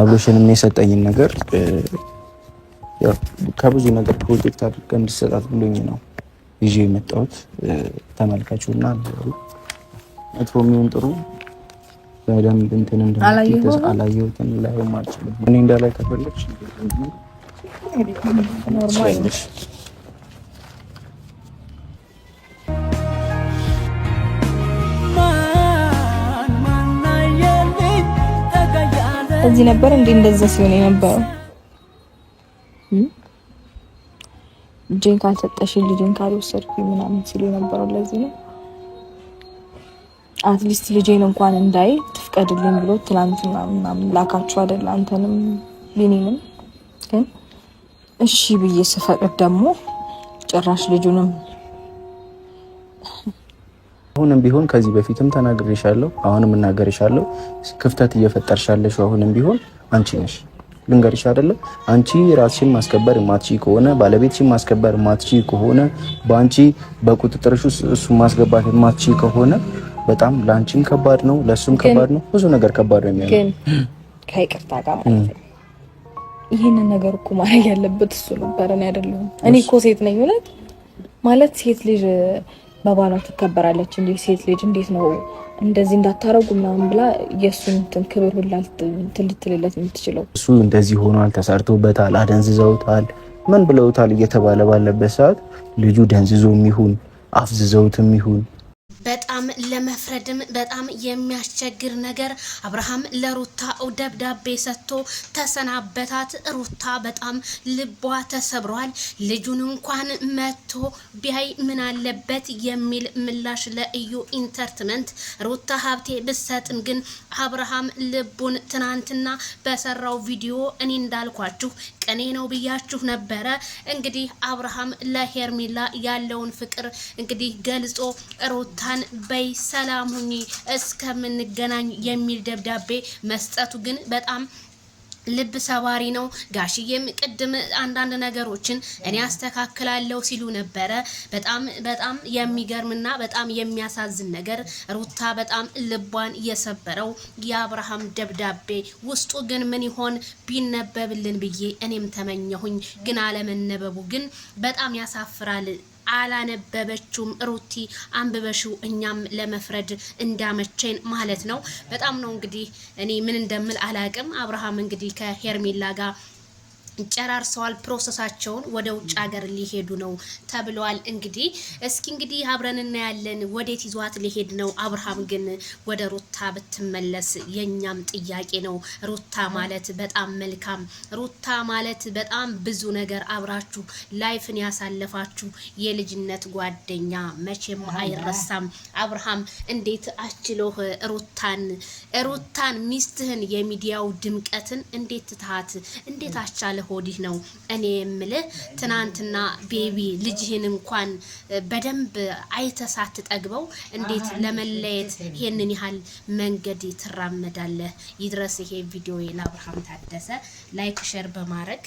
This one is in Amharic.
አብሎሽንም የሰጠኝን ነገር ከብዙ ነገር ፕሮጀክት አድርገ እንድሰጣት ብሎኝ ነው ይዤ የመጣሁት። ተመልካችሁና መጥፎ የሚሆን ጥሩ በደንብ እንትን አላየሁትም። ላይም አልችልም እኔ እንዳላይ ከፈለች እዚህ ነበር እንዴ እንደዛ ሲሆን የነበረው? ልጄን ካልሰጠሽ ልጄን ካልወሰድኩ ምናምን ሲሉ የነበረው ለዚህ ነው። አትሊስት ልጄን እንኳን እንዳይ ትፍቀድልኝ ብሎ ትናንትና ምናምን ላካችሁ አይደል? አንተንም ቢኒንም ግን እሺ ብዬ ስፈቅድ ደግሞ ጭራሽ ልጁንም አሁንም ቢሆን ከዚህ በፊትም ተናግሬሻለሁ፣ አሁንም እናገርሻለሁ። ክፍተት እየፈጠርሻለሽ አሁንም ቢሆን አንቺ ነሽ። ልንገርሽ አይደለም አንቺ ራስሽን ማስከበር ማትቺ ከሆነ ባለቤትሽን ማስከበር ማትቺ ከሆነ በአንቺ በቁጥጥርሽ ውስጥ እሱ ማስገባት ማትቺ ከሆነ በጣም ለአንቺም ከባድ ነው፣ ለእሱም ከባድ ነው። ብዙ ነገር ከባድ ነው የሚሆነው። ግን ከይቅርታ ጋር ማለት ነው ይህንን ነገር እኮ ማድረግ ያለበት እሱ ነበር፣ እኔ አይደለሁም። እኔ እኮ ሴት ነኝ እውነት ማለት ሴት ልጅ በባሏ ትከበራለች እንዲህ ሴት ልጅ እንዴት ነው እንደዚህ እንዳታረጉ ምናምን ብላ የእሱን ክብር ሁላ ትልትልለት የምትችለው እሱም እንደዚህ ሆኗል፣ ተሰርቶበታል፣ አደንዝዘውታል፣ ምን ብለውታል እየተባለ ባለበት ሰዓት ልጁ ደንዝዞ የሚሆን አፍዝዘውት የሚሆን አብርሃም ለመፍረድም በጣም የሚያስቸግር ነገር አብርሃም ለሩታ ደብዳቤ ሰጥቶ ተሰናበታት። ሩታ በጣም ልቧ ተሰብሯል። ልጁን እንኳን መጥቶ ቢያይ ምን አለበት የሚል ምላሽ ለእዩ ኢንተርትመንት ሩታ ሀብቴ ብሰጥም ግን አብርሃም ልቡን ትናንትና በሰራው ቪዲዮ እኔ እንዳልኳችሁ እኔ ነው ብያችሁ ነበረ። እንግዲህ አብርሃም ለሄርሜላ ያለውን ፍቅር እንግዲህ ገልጾ ሩታን በይ ሰላም ሁኚ እስከምንገናኝ የሚል ደብዳቤ መስጠቱ ግን በጣም ልብ ሰባሪ ነው። ጋሽዬም ቅድም አንዳንድ ነገሮችን እኔ አስተካክላለሁ ሲሉ ነበረ። በጣም በጣም የሚገርምና በጣም የሚያሳዝን ነገር ሩታ በጣም ልቧን የሰበረው የአብርሃም ደብዳቤ ውስጡ ግን ምን ይሆን ቢነበብልን ብዬ እኔም ተመኘሁኝ። ግን አለመነበቡ ግን በጣም ያሳፍራል። አላነበበችውም። ሩቲ አንብበሽው እኛም ለመፍረድ እንዳመቼን ማለት ነው። በጣም ነው እንግዲህ እኔ ምን እንደምል አላቅም። አብርሃም እንግዲህ ከሄርሜላ ጋር ጨራርሰዋል። ፕሮሰሳቸውን ወደ ውጭ ሀገር ሊሄዱ ነው ተብለዋል። እንግዲህ እስኪ እንግዲህ አብረን እናያለን ወዴት ይዟት ሊሄድ ነው። አብርሃም ግን ወደ ሩታ ብትመለስ የኛም ጥያቄ ነው። ሩታ ማለት በጣም መልካም፣ ሩታ ማለት በጣም ብዙ ነገር አብራችሁ ላይፍን ያሳለፋችሁ የልጅነት ጓደኛ መቼም አይረሳም። አብርሃም እንዴት አችሎህ ሩታን ሩታን ሚስትህን የሚዲያው ድምቀትን እንዴት ትታት እንዴት አቻለህ? ከወዲህ ነው እኔ የምልህ ትናንትና ቤቢ ልጅህን እንኳን በደንብ አይተህ ሳትጠግበው እንዴት ለመለየት ይሄንን ያህል መንገድ ትራመዳለህ? ይድረስ ይሄ ቪዲዮ ለአብርሃም ታደሰ ላይክ ሸር በማድረግ